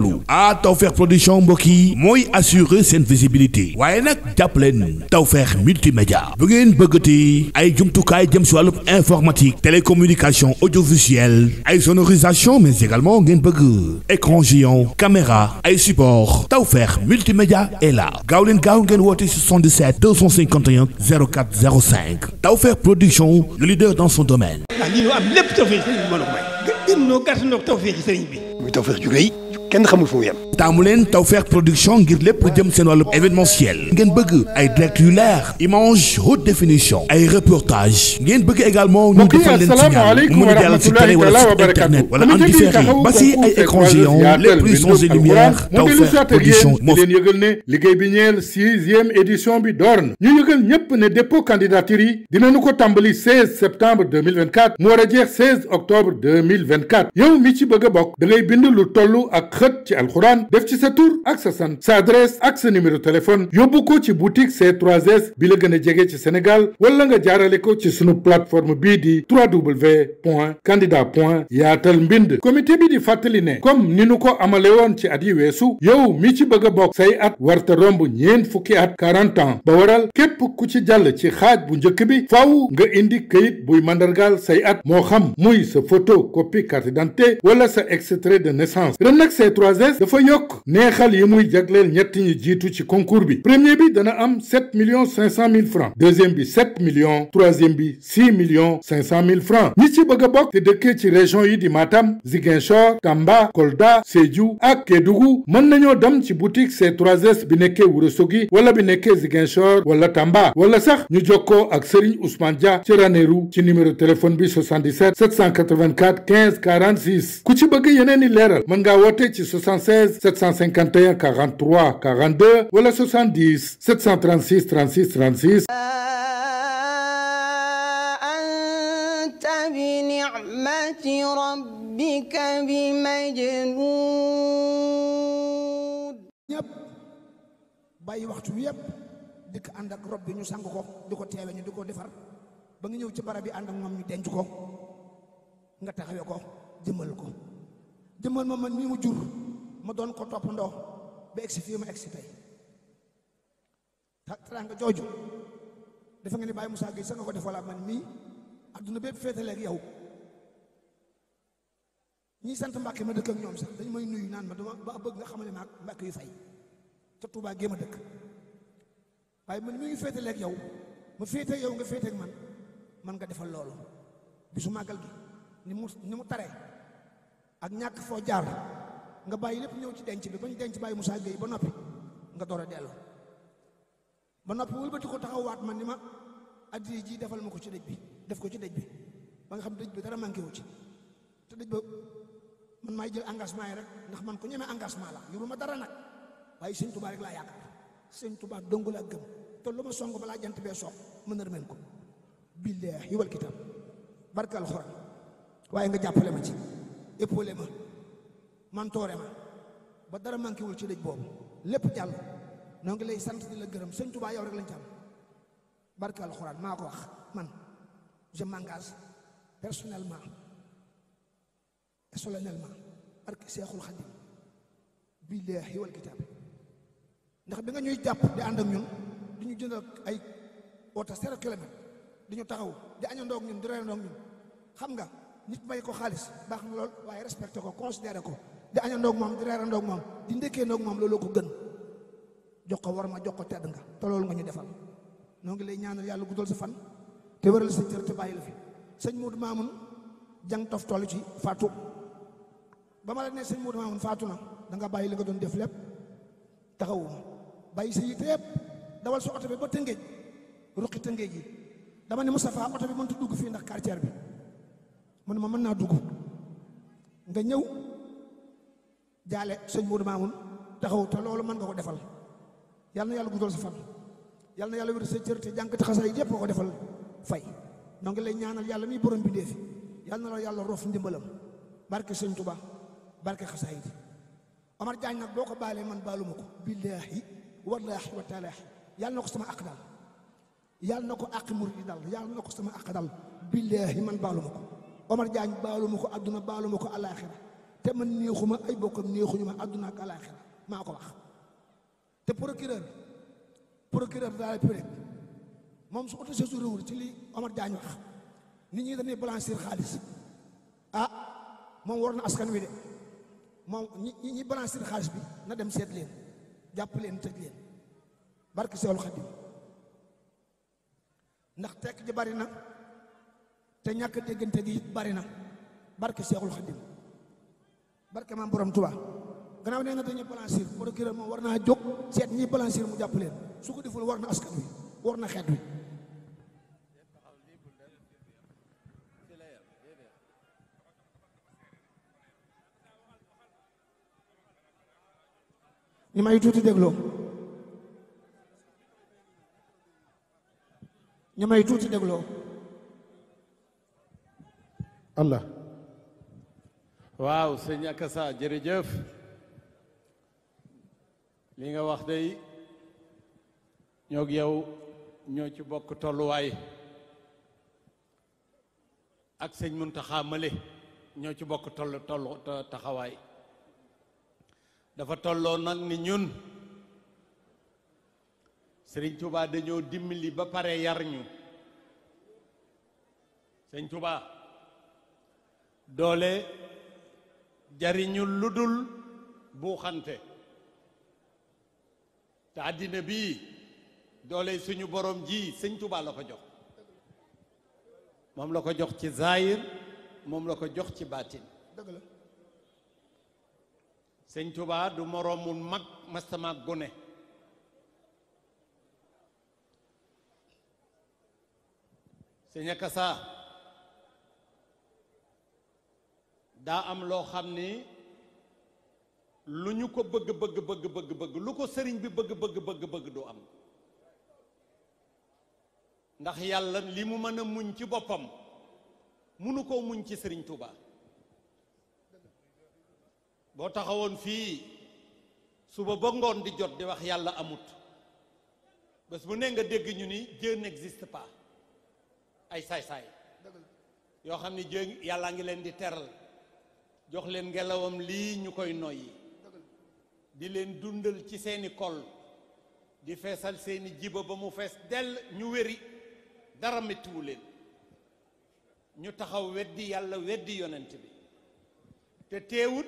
teewlu ah Tawfekh production mbokk yi mooy assurer seen visibilité waaye nag jàpp leen Tawfekh multimédia bu ngeen bëggati ay jumtukaay jëm si wàllu informatique télécommunication audiovisuelle ay sonorisation mais également ngeen bëgg écran géant caméra ay support Tawfekh multimédia est là gaaw leen gaaw ngeen woote 77 251 04 05 Tawfekh production le leader dans son domaine. Ah, am lépp Tawfekh sëriñ bi. muy Tawfekh ju rëy kenn xamul fu mu yem. taamu leen Tawfekh production ngir lépp jëm seen wàllu événementiel. ngeen bëgg ay direct yu leer. image haute définition. ay reportage ngeen bëgg également ñu defal leen signal mu mën a jàllal si télé wala sur internet wala en différé ba si ay écran géant lépp luy changé lumière Tawfekh production moo bind lu toll ak xët ci alxuraan def ci sa tur ak sa sant sa adresse ak sa numéro téléphone yóbbu ko ci boutique C3S bi la gën a jege ci Sénégal wala nga jaarale ko ci sunu plateforme bii di yaatal www.candidat.yaatalmbind comité bi di fàttali ne comme ni nu ko amale woon ci at yi weesu yow mi ci bëgg a bokk say at warta romb ñeen fukki at 40 ans ba waral képp ku ci jàll ci xaaj bu njëkk bi faaw nga indi këyit buy mandargaal say at moo xam muy sa photo copie décret de naissance ren nag C3S dafa yokk neexal yi muy jagleel ñett ñi jiitu ci concours bi premier bi dana am 7 millions 500 mille francs deuxième bi 7 millions troisième bi 6 millions 500 mille francs ñi ci bëgg a bokk te dëkkee ci région yi di Matam Ziguinchor Tamba Kolda Sédhiou ak Kédougou mën nañoo dem ci boutique C3S bi nekkee Ourossogui wala bi nekkee Ziguinchor wala Tamba wala sax ñu jokkoo ak Serigne Ousmane Dia ci Ranérou ci numéro téléphone bi 77 784 15 46 ku ci bëgg yeneen indi leeral mën ngaa woote ci 76 751 43 42 wala 70 736 36 36. anta bi ni'mati rabbika bi majnuun. ñëpp bàyyi waxtu bi yëpp dikk ànd ak rob ñu sang ko di ko teewe ñu di ko defar ba nga ñëw ci barab bi ànd ak moom denc ko nga taxawe ko jëmal ko. demal ma man mii mu jur ma doon ko toppandoo ba egsi fii ma egsi tey teraanga jooju dafa nga ne Baye Moussa Gueye sax nga ko def walla man mii adduna bépp féetale ak yow ñii sant Mbàkke ma dëkk ak ñoom sax dañ may nuyu naan ma dama ba bëgg nga xamale maag Mbàkke yu fay ca Tuubaa gée ma dëkk waaye man mii ñu yow ma féete yow nga féete man man nga defal loolu bisu màggal gi ni mu ni mu taree ak ñàkk foo jaar nga bàyyi lépp ñëw ci denc bi ba ñu denc bàyyi musaa Gueye ba noppi nga door a delloo ba noppi wëlbati ko taxawwaat man ni ma addi ji defal ma ko ci dëj bi def ko ci dëj bi ba nga xam dëj bi dara manqué wu ci te dëj ba man maay jël engagement yi rek ndax man ko ñemee engagement la yoru ma dara nag waaye sëñ tubaa rek laa yaakaar sëñ Tuubaa dong laa gëm te lu ma song balaa jant bee soog mën na ko billaahi wal kitaab barkal Alxuraan nga jàppale ma ci épaulé ma mantoore ma ba dara manqué wul ci dëj boobu lépp jàll noo ngi lay sant di la gërëm sëñ Touba yow rek lañ ci am barke alxuraan maa ko wax man je m'engage personnellement et solennellement barke Seexul Xadim billaahi wal kitaab ndax bi nga ñuy jàpp di ànd ak ñun di ñu jënd ak ay oto zéro kilomètre di ñu taxaw di añandoog ñun di reyandoog ñun xam nga nit may ko xaalis baax na lool waaye respecté ko considéré ko di añandoog moom di reerandoog moom di ndékkeendoog moom looloo ko gën jox ko war ma jox ko tedd nga te loolu nga ñu defal noo ngi lay ñaanal yàlla guddal sa fan te wëral sa cër te bàyyi la fi sëñ Modou Mamoun jang tof toll ci faatu ba ma la ne sëñ Modou Mamoun faatu na danga bàyyi li nga doon def lépp taxawuma bàyyi sa yitte yëpp dawal sa oto bi ba tëngéej ruqi tëngéej yi dama ne Moustapha oto bi mënut a dugg fii ndax quartier bi mu ma mën naa dugg nga ñëw jaale sëñ Modou Mamoun taxaw te loolu mën nga ko defal yal na yàlla guddal sa fan yal na yàlla wér sa cër te jànkati xasaay yépp nga ko defal fay noo ngi lay ñaanal yàlla mi borom bindee fi na la yàlla rof ndimbalam barke sëñ Touba barke xasaay di Omar Diagne nag boo ko baalee man baaluma ko billaahi wallaahi wa taalaahi yal na ko sama àq daal yal na ko àq murid dal yal na ko sama àq dal billaahi man baaluma ko Omar Diagne baalu ko àdduna baalu ma ko alaaxira te man néexuma ay bokkam néexuñu ma àdduna ak alaaxira maa ko wax te procureur procureur de la République moom su autosaisir wul ci li Omar Diagne wax nit ñi dañuy blanchir xaalis ah moom war na askan wi de moom ñi ñi blanchir xaalis bi na dem seet leen jàpp leen tëj leen barki Seexul Xadiim ndax tekk ji bari na te ñàkk déggante gi it bari na barke Seexul Xadim barke maam borom Tuubaa gannaaw nee nga dañuy balansir procureur moom war naa jóg seet ñi balansir mu jàpp leen su ko deful war na askan na xeet wi ñu may tuuti dégloo ñu may tuuti dégloo Allah waaw sëñ Akassa jërëjëf li nga wax day ñoog yow ñoo ci bokk tolluwaay ak sëñ Muntaxa Male ñoo ci bokk toll taxawaay dafa tolloo nag ni ñun sëriñ Tuubaa dañoo dimmili ba pare yar ñu sëñ Tuubaa doole jariñu lu dul buuxante te àddina bi doole suñu borom ji sëñ Tuubaa la ko jox moom la ko jox ci zaahir moom la ko jox ci baatin dëgg la sëñ Tuubaa du moroomul mag mastama gone sëñ Akasa daa am loo xam ni lu ñu ko bëgg bëgg bëgg bëgg lu ko sëriñ bi bëgg bëgg bëgg bëgg du am ndax yàlla li mu mën a muñ ci boppam munu koo muñ ci sëriñ Touba boo taxawoon fii suba ba ngoon di jot di wax yàlla amut bés bu ne nga dégg ñu ni Dieu n'existe pas ay saay-saay yoo xam ni Dieu yàllaa ngi leen di teral jox leen ngelawam lii ñu koy noyyi di leen dundal ci seeni kol di feesal seeni jiba ba mu fees dell ñu wéri dara mettiwu leen ñu taxaw weddi yàlla weddi yonent bi te teewut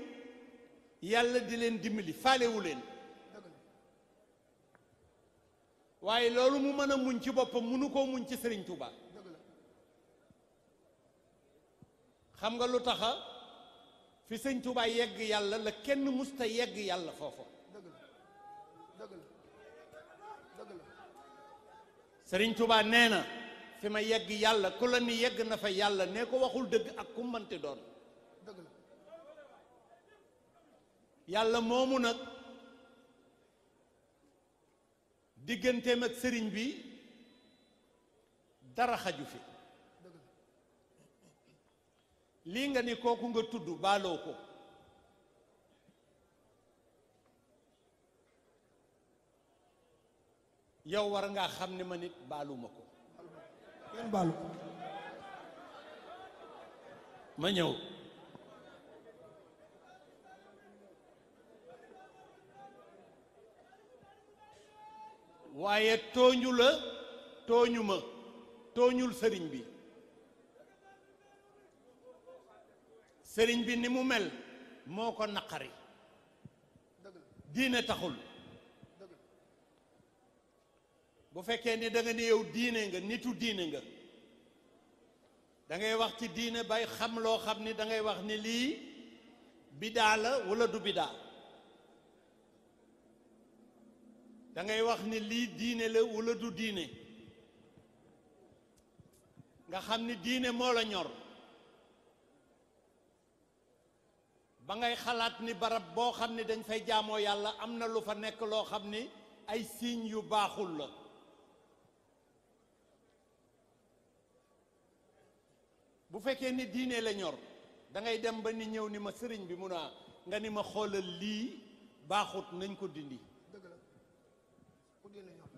yàlla di leen dimmili faalewu leen waaye loolu mu mën a muñ ci boppam munu koo muñ ci Sëriñ Tuuba xam nga lu taxa fi sëñ Touba yegg yàlla la kenn musta yegg yàlla foofu sëriñ Touba nee na fi ma yegg yàlla ku la ni yegg na fa yàlla ne ko waxul dëgg ak ku mënti doon yàlla moomu nag digganteem ak sëriñ bi dara xaju fi lii nga ni kooku nga tudd baaloo ko yow war ngaa xam ne ma nit baaluma ko ma ñëw waaye tooñu la tooñu ma tooñul sëriñ bi sëriñ bi ni mu mel moo ko naqari diine taxul bu fekkee ni danga nga yow diine nga nitu diine nga dangay wax ci diine bay xam loo xam ni dangay wax ni lii bidaa la wala du bidaa dangay wax ni lii diine la wala du diine nga xam ni diine moo la ñor ba ngay xalaat ni barab boo xam ni dañ fay jaamoo yàlla am na lu fa nekk loo xam ni ay signes yu baaxul la bu fekkee ni diine la ñor da dem ba ni ñëw ni ma sëriñ bi mun a nga ni ma xoolal lii baaxut nañ ko dindi dëgg la ku diine ñor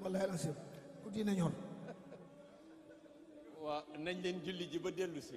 wallaahi ku diine ñor waaw nañ leen julli ji ba dellu si